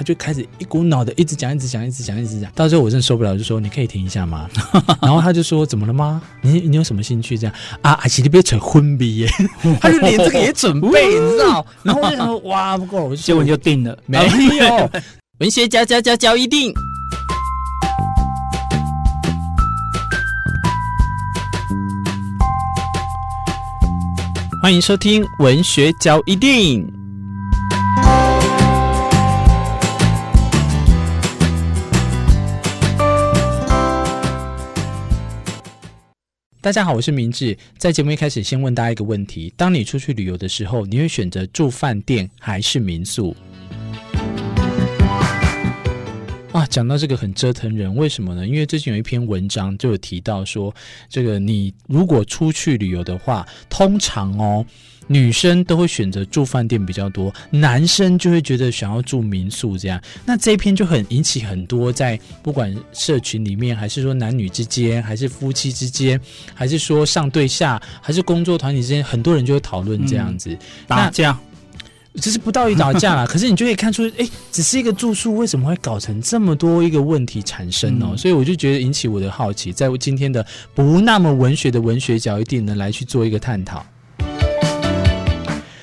他就開始一股腦的一直講，一直講，一直講，一直講，到最後我真的受不了，就說：“你可以停一下嗎？” 然後他就說：“怎麼了嗎？你你有什麼興趣這樣啊？”阿奇，你別扯昏筆耶！他就連這個也準備，嗯、你知道？然後我 就說：“哇，不過！”結果就，就定了，啊、沒有文學家家家交一定，歡迎收聽文學交一定。大家好，我是明智。在節目一開始，先問大家一個問題：當你出去旅遊的時候，你會選擇住飯店還是民宿？啊，講到這個很折騰人，為什麼呢？因為最近有一篇文章就有提到說，這個你如果出去旅遊的話，通常哦。女生都會選擇住飯店比較多，男生就會覺得想要住民宿這樣。那這一篇就很引起很多在不管社群裡面，還是說男女之間，還是夫妻之間，還是說上對下，還是工作團體之間，很多人就會討論這樣子、嗯、那這樣只是不到一打架了。 可是你就可以看出，哎，只是一個住宿為什麼會搞成這麼多一個問題產生呢、哦？嗯、所以我就覺得引起我的好奇，在今天的不那麼文學的文學角，一定能來去做一個探討。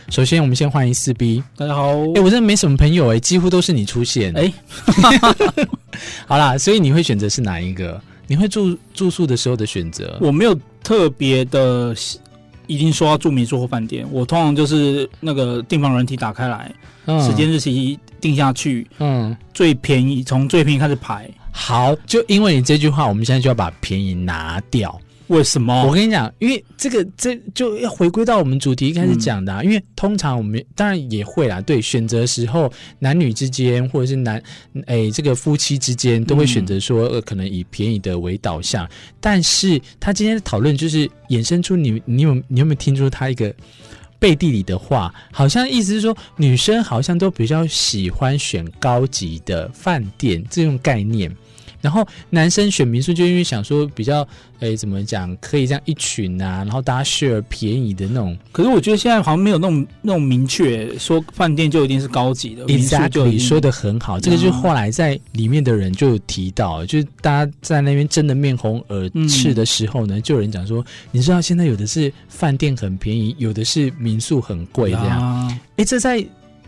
首先，我們先歡迎四 B。大家好，哎、欸，我真的沒什麼朋友哎、欸，幾乎都是你出現哎。欸、 好啦，所以你會選擇是哪一個？你會住住宿的時候的選擇？我沒有特別的一定說要住民宿或飯店，我通常就是那個訂房軟體打開來，嗯、時間日期定下去，嗯，最便宜，從最便宜開始排。好，就因為你這句話，我們現在就要把便宜拿掉。為什麼？我跟你講，因為這個這就要回歸到我們主題一開始講的啊。嗯、因為通常我們當然也會啦，對，選擇時候男女之間或者是男誒、哎，這個夫妻之間都會選擇說、嗯、可能以便宜的為導向。但是他今天的討論就是衍生出你，你有，你有沒有聽出他一個背地裡的話？好像意思是說女生好像都比較喜歡選高級的飯店，這種概念。然後男生選民宿就因為想說比較，哎，怎麼講可以這樣一群啊，然後大家 share 便宜的那種。可是我覺得現在好像沒有那種那種明確說飯店就一定是高級的 Exactly, 民宿就一定，可以說得很好。這個就是後來在裡面的人就有提到，Yeah. 就是大家在那邊真的面紅耳赤的時候呢，嗯、就有人講說，你知道現在有的是飯店很便宜，有的是民宿很貴這樣。哎 Yeah.，這在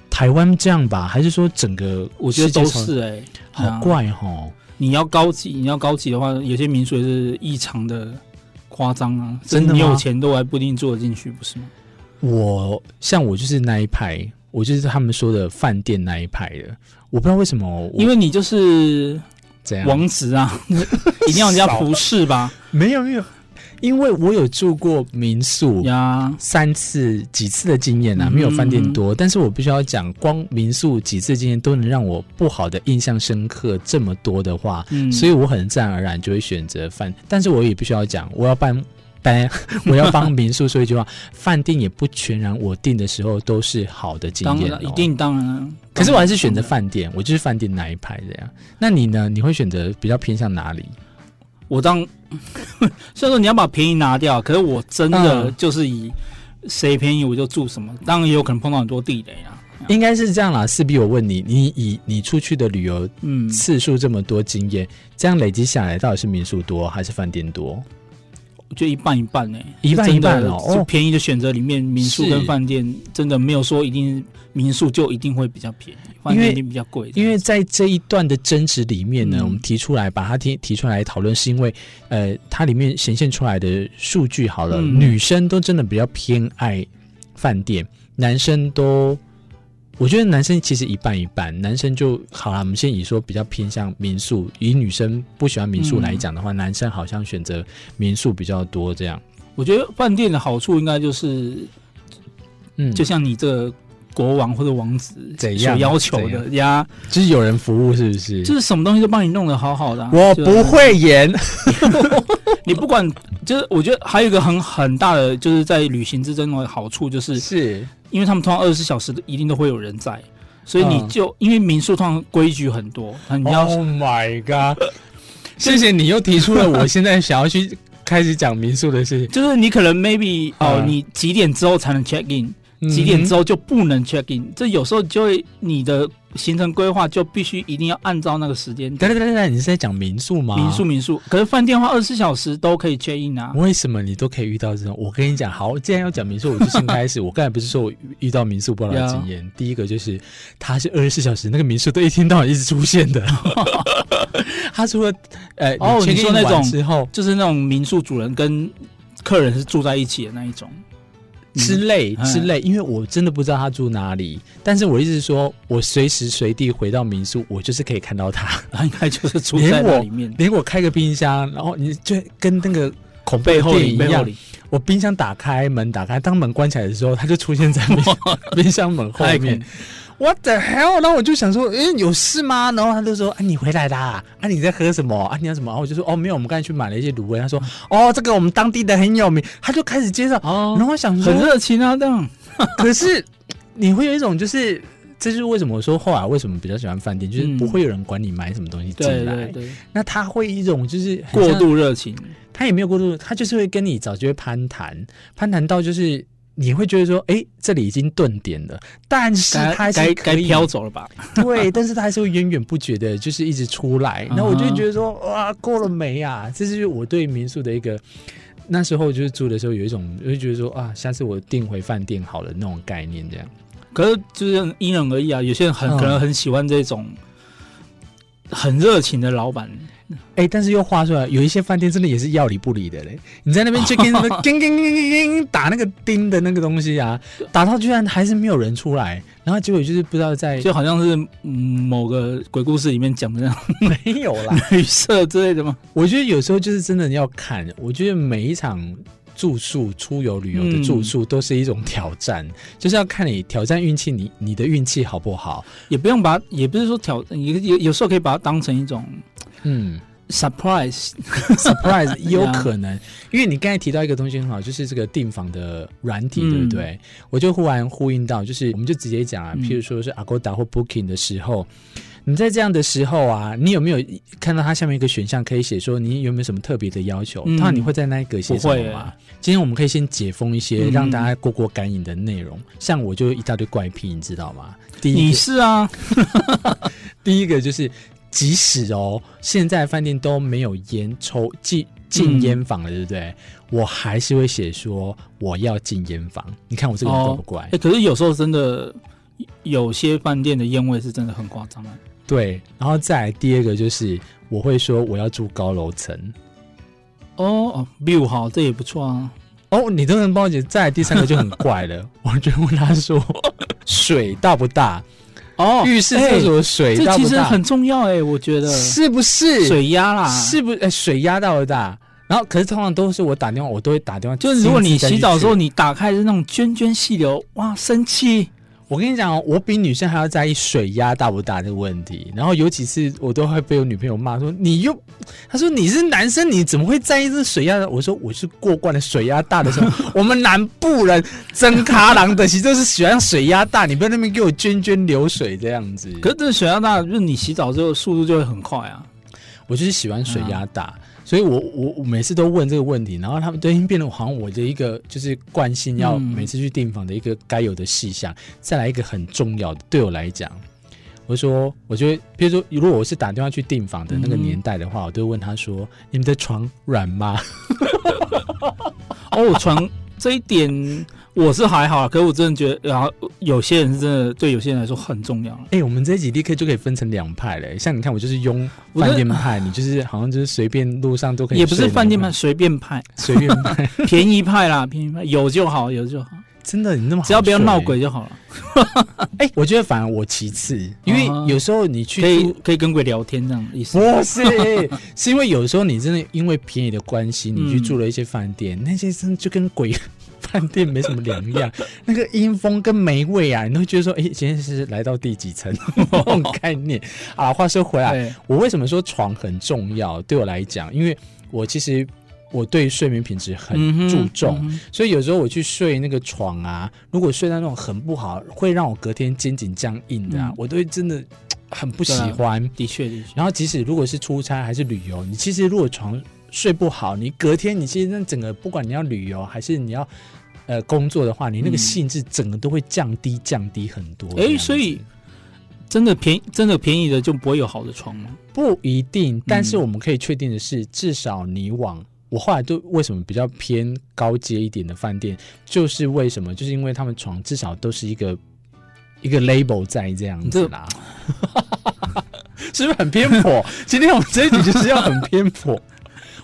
台灣這樣吧？還是說整個我覺得都是哎、欸，好怪哈。Yeah. 你要高級，你要高級的話，有些民宿也是異常的誇張啊！真的，你有錢都還不一定住得進去，不是嗎？我像我就是那一派，我就是他們說的飯店那一派的，我不知道為什麼，因為你就是王子啊，怎樣？ 一定要人家服侍吧？ 沒有，沒有。因為我有住過民宿呀，三次幾次的經驗啊，嗯哼嗯哼，沒有飯店多，但是我必須要講，光民宿幾次經驗都能讓我不好的印象深刻這麼多的話，嗯、所以我很自然而然就會選擇飯。但是我也必須要講，我要幫幫我要幫民宿說一句話， 飯店也不全然我訂的時候都是好的經驗的，當然了一定當然了。可是我還是選擇飯店，我就是飯店那一派的呀。那你呢？你會選擇比較偏向哪裡？我當。所以 說你要把便宜拿掉，可是我真的就是以誰便宜我就住什麼，嗯、當然也有可能碰到很多地雷啦、啊。應該是這樣啦，四 B，我問你，你以你出去的旅遊次數這麼多經，經驗、嗯、這樣累積下來，到底是民宿多還是飯店多？我覺得一半一半呢、欸，一半一半哦，就便宜的選擇裡面，民宿跟飯店是真的沒有說一定民宿就一定會比較便宜，飯店一定比較貴。因為在這一段的爭執裡面呢，嗯、我們提出來把它提提出來討論，是因為，呃，它裡面顯現出來的數據好了，嗯、女生都真的比較偏愛飯店，男生都。我覺得男生其實一半一半，男生就好了。我們先以說比較偏向民宿，以女生不喜歡民宿來講的話，嗯、男生好像選擇民宿比較多。這樣，我覺得飯店的好處應該就是，嗯，就像你這國王或者王子有要求的、啊、呀，就是有人服務，是不是？就是什麼東西都幫你弄得好好的、啊。我不會演。就 你不管，就是我覺得還有一個很很大的，就是在旅行之中的好處就是，是因為他們通常二十四小時都一定都會有人在，所以你就、嗯、因為民宿通常規矩很多，你要。Oh my god！、呃、謝謝你又提出了，我現在想要去開始講民宿的事情， 就是你可能 maybe 哦、呃，嗯、你幾點之後才能 check in，幾點之後就不能 check in，這有時候就會你的。行程規劃就必須一定要按照那個時間。等等等等，你是在講民宿嗎？民宿民宿，可是飯店話二十四小時都可以 check in 啊。為什麼你都可以遇到這種？我跟你講，好，我既然要講民宿，我就先開始。 我剛才不是說我遇到民宿不好的經驗，Yeah. 第一個就是他是二十四小時，那個民宿都一天到晚一直出現的。他 除了……呃哦，oh, 你, chain 你說那種時候，就是那種民宿主人跟客人是住在一起的那一種。之類之類，因為我真的不知道他住哪裡，但是我一直說，我隨時隨地回到民宿，我就是可以看到他，然後應該就是住在裡面。連我開個冰箱，然後你就跟那個。從背後一樣，我冰箱打開門打開，當門關起來的時候，他就出現在冰箱， 冰箱門後面。 What the hell？那我就想說，哎、欸，有事嗎？然後他就說，哎、啊，你回來啦？啊，你在喝什麼？啊，你要什麼？然後我就說，哦，沒有，我們剛才去買了一些滷味。他說，哦，這個我們當地的很有名。他就開始介紹，哦、然後想說很熱情啊，這樣。可是 你會有一種就是，這就是為什麼我說後來為什麼比較喜歡飯店，就是不會有人管你買什麼東西進來。對對對，那他會一種就是過度熱情。他也沒有過度，他就是會跟你找機會攀談，攀談到就是你會覺得說，哎、欸，這裡已經斷點了，但是他是該飄走了吧？ 對，但是他還是會源源不絕的，就是一直出來。那我就會覺得說，嗯、哼哇，夠了沒呀、啊？這是我對民宿的一個那時候就是住的時候有一種，我就覺得說啊，下次我訂回飯店好了那種概念這樣。可是就是因人而異啊，有些人很、嗯、可能很喜歡這種很熱情的老闆。哎、欸，但是又話說回來，有一些飯店真的也是要理不理的嘞。你在那邊就叮叮叮叮叮叮打那個釘的那個東西啊，打到居然還是沒有人出來，然後結果就是不知道在，就好像是、嗯、某個鬼故事裡面講的那樣，沒有啦，綠色之類的嗎？我覺得有時候就是真的要看，我覺得每一場。住宿、出遊、旅遊的住宿、嗯、都是一種挑戰，就是要看你挑戰運氣，你你的運氣好不好？也不用把，也不是說挑，有有有時候可以把它當成一種，嗯，surprise，surprise 也 Surprise，有可能。 啊、因為你剛才提到一個東西很好，就是這個訂房的軟體，嗯、對不對？我就忽然呼應到，就是我們就直接講啊，嗯、譬如說是 Agoda 或 Booking 的時候。你在這樣的時候啊，你有沒有看到它下面一個選項可以寫說你有沒有什麼特別的要求？那、嗯、你會在那一格寫什麼嗎？欸、今天我們可以先解封一些讓大家過過乾癮的內容。嗯、像我就一大堆怪癖，你知道嗎？第一你是啊， 第一個就是即使哦，現在飯店都沒有煙抽禁禁煙房了，嗯、對不對？我還是會寫說我要禁煙房。你看我這個人乖不乖？可是有時候真的。有些飯店的煙味是真的很誇張的。對，然後再來第二個就是，我會說我要住高樓層。哦、oh,，view 好，這也不錯啊。哦、oh,，你都能幫我解，再來第三個就很怪了。 我就問他說，水大不大？哦，oh, 浴室廁所的水大不大？這其實很重要哎、欸，我覺得是不是水壓啦？是不哎水壓大不大？然後可是通常都是我打電話，我都會打電話，就是如果你洗澡的時候你打開是那種涓涓細流，哇，生氣。我跟你講哦，我比女生還要在意水壓大不大這個問題。然後有幾次我都會被我女朋友罵說：“你又……”她說：“你是男生，你怎麼會在意這水壓大？”我說：“我是過慣了水壓大的時候， 我們南部人真卡琅的，其實就是喜歡水壓大。你不要那邊給我涓涓流水這樣子。可是這水壓大，就是你洗澡之後速度就會很快啊。我就是喜歡水壓大。嗯”所以我，我我每次都問這個問題，然後他們最近變得好像我的一個就是慣性，要每次去訂房的一個該有的細項，嗯、再來一個很重要的，對我來講，我說我覺得，比如說如果我是打電話去訂房的那個年代的話，嗯、我都會問他說：“你們的床軟嗎？” 哦，床 這一點。我是還好啦，可是我真的覺得，然、啊、後有些人是真的，對有些人來說很重要。哎、欸，我們這一集立 k 就可以分成兩派嘞、欸！像你看，我就是庸飯店派，是你就是好像就是隨便路上都可以，也不是飯店派，隨便派，隨便派，便，派 便宜派啦，便宜派，有就好，有就好。真的，你那麼好只要不要鬧鬼就好了。哎、 欸，我覺得反而我其次，因為有時候你去、啊、可以可以跟鬼聊天這樣的意思。不是， 是因為有時候你真的因為便宜的關係，你去住了一些飯店，嗯、那些真的就跟鬼。飯店沒什麼兩樣， 那個陰風跟霉味啊，你都覺得說，哎、欸，今天是來到第幾層？這 種概念啊。話說回來，對我為什麼說床很重要？對我來講，因為我其實我對睡眠品質很注重，嗯嗯、所以有時候我去睡那個床啊，如果睡到那種很不好，會讓我隔天肩頸僵硬的、啊，嗯、我都會真的很不喜歡。的確、啊，的確。的然後即使如果是出差還是旅遊，你其實如果床，睡不好，你隔天你其實那整個不管你要旅遊還是你要呃工作的話，你那個性質整個都會降低，嗯，降低很多。哎，欸，所以真的便真的便宜的就不會有好的床嗎？不一定，但是我們可以確定的是，嗯，至少你往我後來都為什麼比較偏高階一點的飯店，就是為什麼？就是因為他們床至少都是一個一個 label 在這樣子啦。這 是不是很偏頗？ 今天我們這一集就是要很偏頗。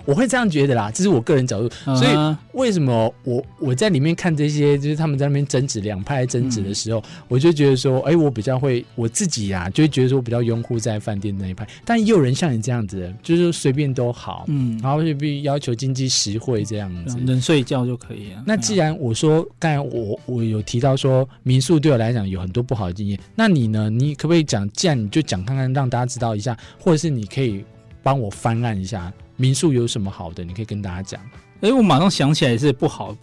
我會這樣覺得啦，這是我個人的角度。Uh huh. 所以為什麼我我在裡面看這些，就是他們在那邊爭執，兩派爭執的時候，嗯、我就覺得說，哎、欸，我比較會我自己呀、啊，就會覺得說比較擁護在飯店的那一派。但也有人像你這樣子的，就是隨便都好，嗯，然後就要求經濟實惠這樣子，能、啊、睡覺就可以啊。那既然我說，剛才我我有提到說民宿對我來講有很多不好的經驗，那你呢？你可不可以講？既然你就講看看，讓大家知道一下，或者是你可以幫我翻案一下。民宿有什麼好的？你可以跟大家講。哎，我馬上想起來是不好，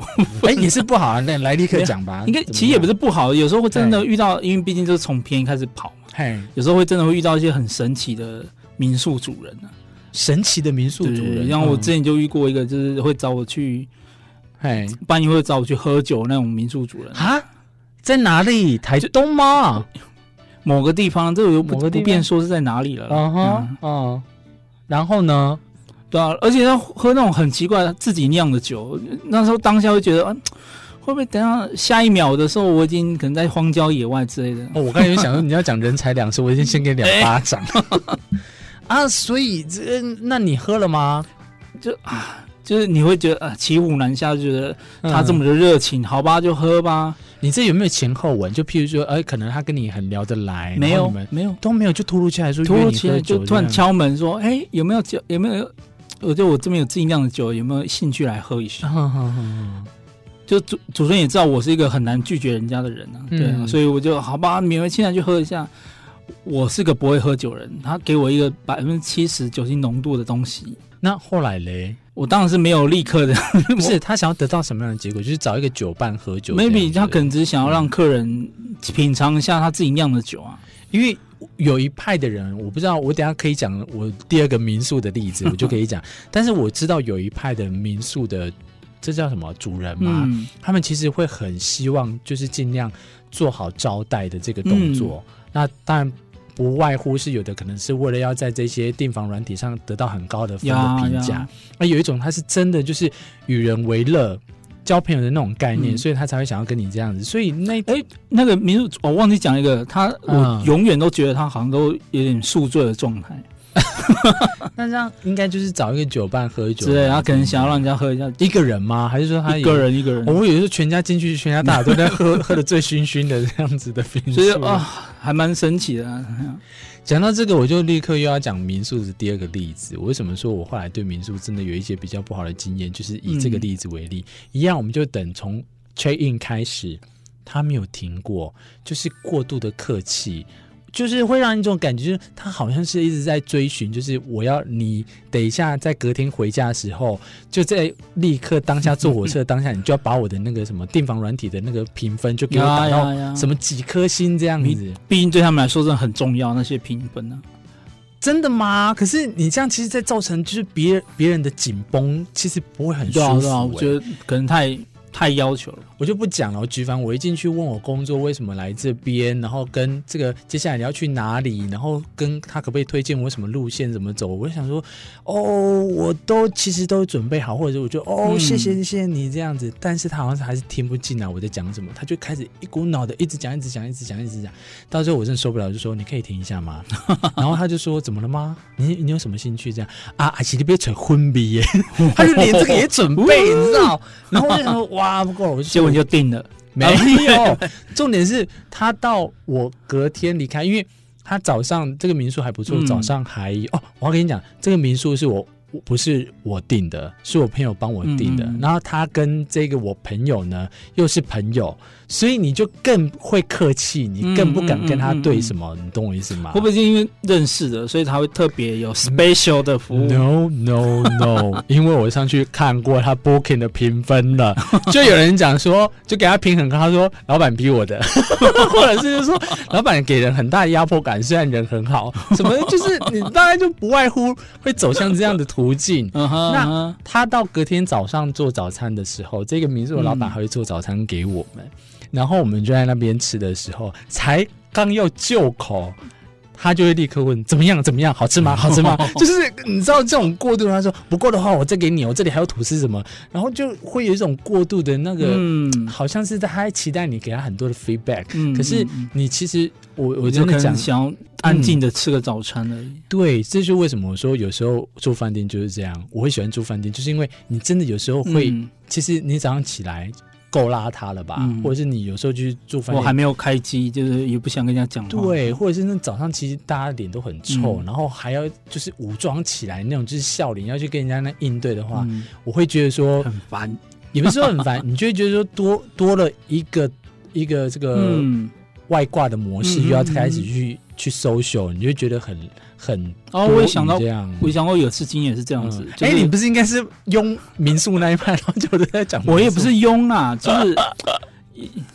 哎，也是不好啊。那來立刻講吧。應該其實也不是不好，有時候會真的遇到，因為畢竟就是從便宜開始跑嘛。嘿，有時候會真的會遇到一些很神奇的民宿主人呢，神奇的民宿主人。像我之前就遇過一個，就是會找我去，嘿，半夜會找我去喝酒那種民宿主人啊，在哪裡？台東嗎？某個地方，這個我不便說是在哪裡了。嗯哼，嗯，然後呢？對啊，而且他喝那種很奇怪的自己釀的酒，那時候當下會覺得，啊、會不會等一下下一秒的時候，我已經可能在荒郊野外之類的。哦，我剛才想說你要講人財兩失， 我已經先給你兩巴掌。欸、 啊，所以這那你喝了嗎？就啊，就是你會覺得啊，騎虎難下，就覺得他這麼的熱情，嗯、好吧，就喝吧。你這有沒有前後文？就譬如說，哎、呃，可能他跟你很聊得來，沒有，沒有，都沒有，就突如其來說，突如其來就突然敲門說，哎，有沒有有沒有？我就我這邊有自己釀的酒，有沒有興趣來喝一下？呵呵呵呵，就主主持人也知道我是一個很難拒絕人家的人呢、啊，對、啊，嗯、所以我就好吧，勉為其難去喝一下。我是個不會喝酒人，他給我一個百分之七十酒精濃度的東西，那後來嘞，我當然是沒有立刻的，哦、 不是他想要得到什麼樣的結果，就是找一個酒伴喝酒。Maybe 他可能只是想要讓客人品嘗一下他自己釀的酒啊，嗯、因為。有一派的人，我不知道，我等下可以講我第二個民宿的例子，我就可以講。呵呵，但是我知道有一派的民宿的，這叫什麼主人嘛？嗯、他們其實會很希望，就是盡量做好招待的這個動作。嗯、那當然不外乎是有的，可能是為了要在這些訂房軟體上得到很高的分的評價。那有一種，他是真的就是與人為樂。交朋友的那種概念，嗯、所以他才會想要跟你這樣子。所以那哎、欸，那個民宿，哦、我忘記講一個，他，嗯、我永遠都覺得他好像都有點宿醉的狀態。那 這樣應該就是找一個酒伴喝酒吧，對，然後可能想要讓人家喝一下，一個人嗎？還是說他一個人一個人？個人哦、我以為是全家進去，全家大都 在喝，喝得醉醺醺的這樣子的民宿，啊、哦，還蠻神奇的、啊。講到這個，我就立刻又要講民宿的第二個例子。我為什麼說我後來對民宿真的有一些比較不好的經驗？就是以這個例子為例，嗯、一樣，我們就等從 check in 開始，他沒有停過，就是過度的客氣。就是會讓你一種感覺，就是他好像是一直在追尋，就是我要你等一下，在隔天回家的時候，就在立刻當下坐火車當下，你就要把我的那個什麼訂房軟體的那個評分就給我打到什麼幾顆星這樣子。畢竟對他們來說，真的很重要那些評分呢？真的嗎？可是你這樣其實在造成就是別人、別人的緊繃，其實不會很舒服、欸。對啊，我覺得可能太。太要求了，我就不講了。舉凡，我一進去問我工作為什麼來這邊，然後跟這個接下來你要去哪裡，然後跟他可不可以推薦我什麼路線怎麼走，我就想說，哦，我都其實都準備好，或者我就哦，謝謝謝謝你這樣子。嗯、但是他好像還是聽不進來我在講什麼，他就開始一股腦的一直講一直講一直講一直講，到最後我真的受不了，就說，你可以停一下嗎？ 然後他就說，怎麼了嗎？你你有什麼興趣這樣啊？還是你別扯，昏迷耶？他就連這個也準備，你知道？嗯、然後我就想說 花不夠，是我結果就定了。沒有，重點是他到我隔天離開， 因為他早上這個民宿還不錯，早上還、嗯、哦，我要跟你講，這個民宿是我不是我訂的，是我朋友幫我訂的，嗯、然後他跟這個我朋友呢又是朋友。所以你就更會客氣，你更不敢跟他對什麼，嗯、你懂我意思嗎？會不會是因為認識的，所以他會特別有 special 的服務？No no no， 因為我上去看過他 booking 的評分了，就有人講說，就給他評很高，他說老板逼我的， 或者是說老板給人很大的壓迫感，雖然人很好，什麼就是你大概就不外乎會走向這樣的途徑。 那他到隔天早上做早餐的時候，這個民宿的老板還會做早餐給我們。嗯然後我們就在那邊吃的時候，才剛要就口，他就會立刻問，怎麼樣，怎麼樣，好吃嗎，好吃嗎？吃嗎 就是你知道這種過度，他說不夠的話我再給你，我這裡還有吐司什麼，然後就會有一種過度的那個，嗯，好像是他還期待你給他很多的 feedback，、嗯、可是你其實我我就很想安靜的吃個早餐而已。嗯、對，這就是為什麼我說有時候住飯店就是這樣，我會喜歡住飯店，就是因為你真的有時候會，嗯、其實你早上起來。夠邋遢了吧？嗯、或者是你有時候去住飯店，我還沒有開機，就是也不想跟人家講話。對，或者是那早上，其實大家臉都很臭，嗯、然後還要就是武裝起來那種，就是笑臉要去跟人家那應對的話，嗯、我會覺得說很煩煩，也不是說很煩， 你就會覺得說多多了一個一個這個。嗯外掛的模式又要開始去去 social，你就覺得很很哦。我也想到這樣，我也想到有次經驗是這樣子。哎，你不是應該是用民宿那一派，然後就都在講。我也不是用啊，就是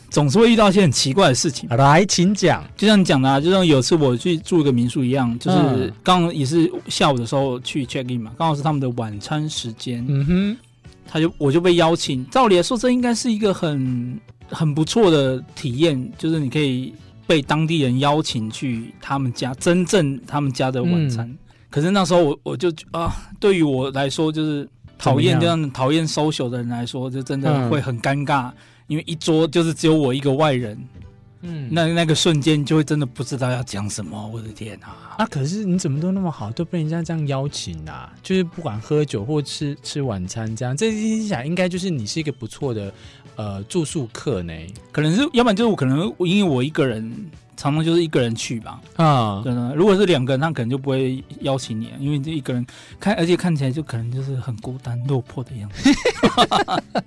總是會遇到一些很奇怪的事情。來，請講，就像你講的啊。就像有次我去住一個民宿一樣，就是剛也是下午的時候去 check in 嘛，剛好是他們的晚餐時間。嗯哼，他就我就被邀請。照理來說，這應該是一個很。很不錯的體驗，就是你可以被當地人邀請去他們家，真正他們家的晚餐。嗯、可是那時候我我就啊，對於我來說就是討厭這樣討厭收 l 的人來說，就真的會很尷尬，嗯、因為一桌就是只有我一個外人。嗯，那那個瞬間就會真的不知道要講什麼。我的天哪、啊！啊，可是你怎麼都那麼好，都被人家這樣邀請啊？就是不管喝酒或吃吃晚餐這樣，這些心想應該就是你是一個不錯的。呃，住宿客呢，可能是，要不然就是我可能因為我一個人，常常就是一個人去吧。啊、哦，對的。如果是兩個人，他可能就不會邀請你了，因為這一個人看，而且看起來就可能就是很孤單落魄的樣子。哎、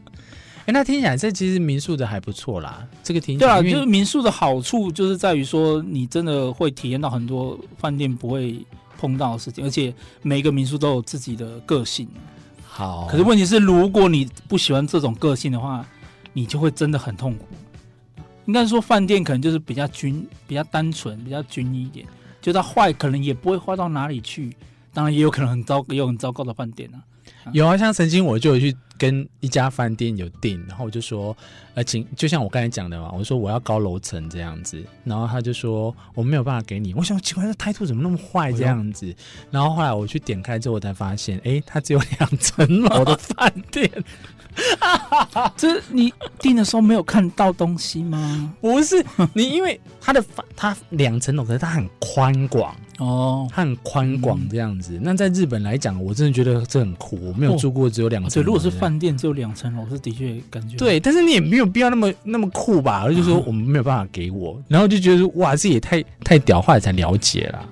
欸，那聽起來這其實民宿的還不錯啦。這個聽起來、啊、因為就是民宿的好處就是在於說，你真的會體驗到很多飯店不會碰到的事情，而且每一個民宿都有自己的個性。好，可是問題是，如果你不喜歡這種個性的話。你就會真的很痛苦，應該說飯店可能就是比較均、比較單純、比較均一點，就它壞可能也不會壞到哪裡去，當然也有可能很糟，也有很糟糕的飯店啊，有啊，像曾經我就有去。跟一家飯店有訂，然後我就說，呃，請就像我剛才講的嘛，我說我要高樓層這樣子，然後他就說我沒有辦法給你。我想奇怪，這態度怎麼那麼壞這樣子？就然後後來我去點開之後，我才發現，哎、欸，他只有兩層樓我的飯店，就是你訂的時候沒有看到東西嗎？ 不是你，因為他的房他兩層樓，可是它很寬廣。哦，它很寬廣這樣子。嗯、那在日本來講，我真的覺得這很酷。我沒有住過，只有兩層。以、哦、對、如果是飯店只有兩層樓，我是的確感覺。對，但是你也沒有必要那麼那麼酷吧？就是說我們沒有辦法給我，嗯、然後就覺得說哇，這也太太屌話，才了解啦。